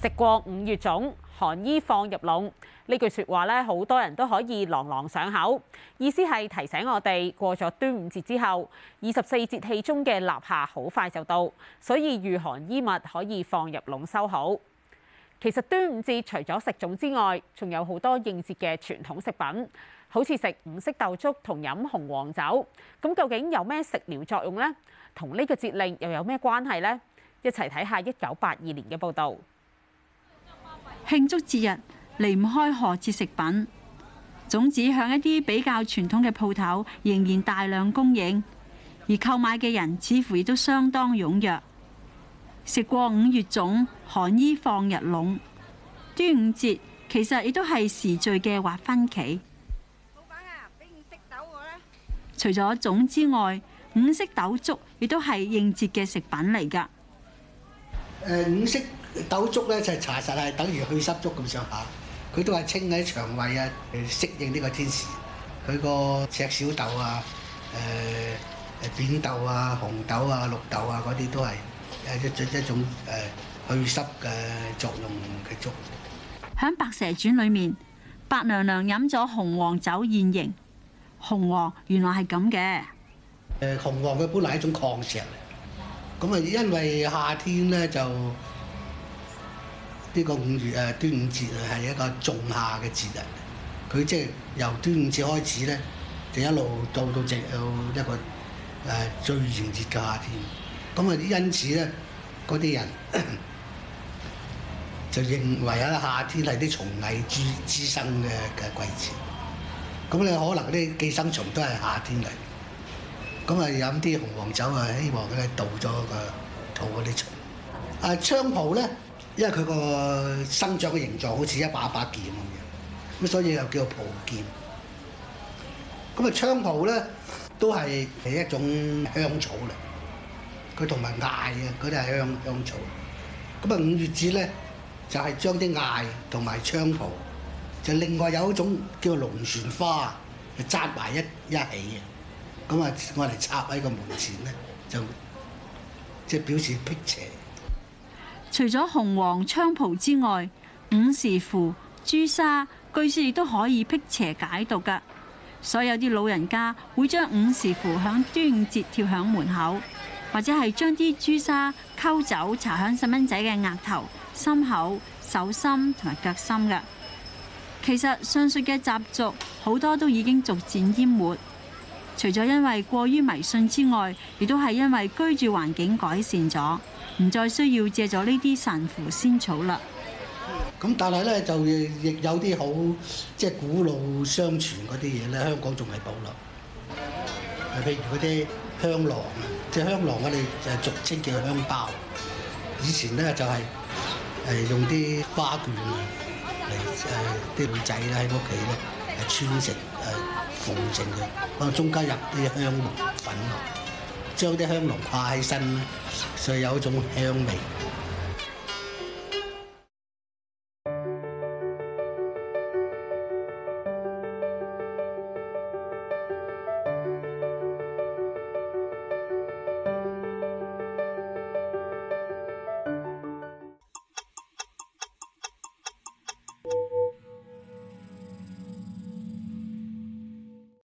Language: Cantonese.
食過五月粽，寒衣放入籠，呢句説話咧，好多人都可以朗朗上口。意思係提醒我哋過咗端午節之後，二十四節氣中嘅立夏好快就到，所以御寒衣物可以放入籠收好。其實端午節除咗食粽之外，仲有好多應節嘅傳統食品，好似食五色豆粥同飲紅黃酒。咁究竟有咩食療作用呢？同呢個節令又有咩關係呢？一齊睇下一九八二年嘅報導。慶祝節日離唔開應節食品，糉子向一啲比較傳統嘅鋪頭仍然大量供應，而購買嘅人似乎亦都相當踴躍。食過五月糉，寒衣放入籠，端午節其實亦都係時序嘅劃分期。老闆啊，俾五色豆我啦！除咗糉之外，五色豆粥亦都係應節嘅食品嚟㗎。呃豆粥咧就係查實係等於去濕粥咁上下，佢都係清喺腸胃啊，適應呢個天時。佢個赤小豆啊、誒、呃、扁豆啊、紅豆啊、綠豆啊嗰啲都係一一種誒去濕嘅作用嘅粥。喺《白蛇傳》裏面，白娘娘飲咗紅黃酒現形，紅黃原來係咁嘅。誒紅黃嘅本來係一種礦石嚟。咁啊因為夏天咧就～呢個五月誒端午節係一個仲夏嘅節日，佢即係由端午節開始咧，就一路到到直到一個誒最熱熱嘅夏天。咁啊，因此咧，嗰啲人咳咳就認為啊，夏天係啲蟲蟻孳滋生嘅嘅季節。咁你可能啲寄生蟲都係夏天嚟。咁啊，飲啲紅黃酒啊，希望佢哋倒咗個肚嗰啲蟲。啊，菖蒲咧～因為佢個生長嘅形狀好似一把一把劍咁樣，咁所以又叫做蒲劍。咁啊，菖蒲咧都係係一種香草嚟，佢同埋艾啊，嗰啲係香香草。咁啊，五月節咧就係將啲艾同埋菖蒲，就另外有一種叫龍船花，就紮埋一一起嘅。咁啊，我哋插喺個門前咧，就即係表示辟邪。除咗紅黃菖蒲之外，五時符、朱砂據說亦都可以辟邪解毒㗎。所有啲老人家會將五時符響端午節貼響門口，或者係將啲朱砂溝酒搽響細蚊仔嘅額頭、心口、手心同埋腳心㗎。其實上述嘅習俗好多都已經逐漸湮沒，除咗因為過於迷信之外，亦都係因為居住環境改善咗。唔再需要借咗呢啲神符仙草啦。咁但係咧就亦有啲好即係古老相傳嗰啲嘢咧，香港仲係保留。誒譬如嗰啲香囊啊，即係香囊，我哋就俗稱叫香包。以前咧就係誒用啲花綬嚟誒啲女仔啦，喺屋企咧穿成誒縫成嘅，當中加入啲香料粉。將啲香爐掛起身咧，所以有一種香味。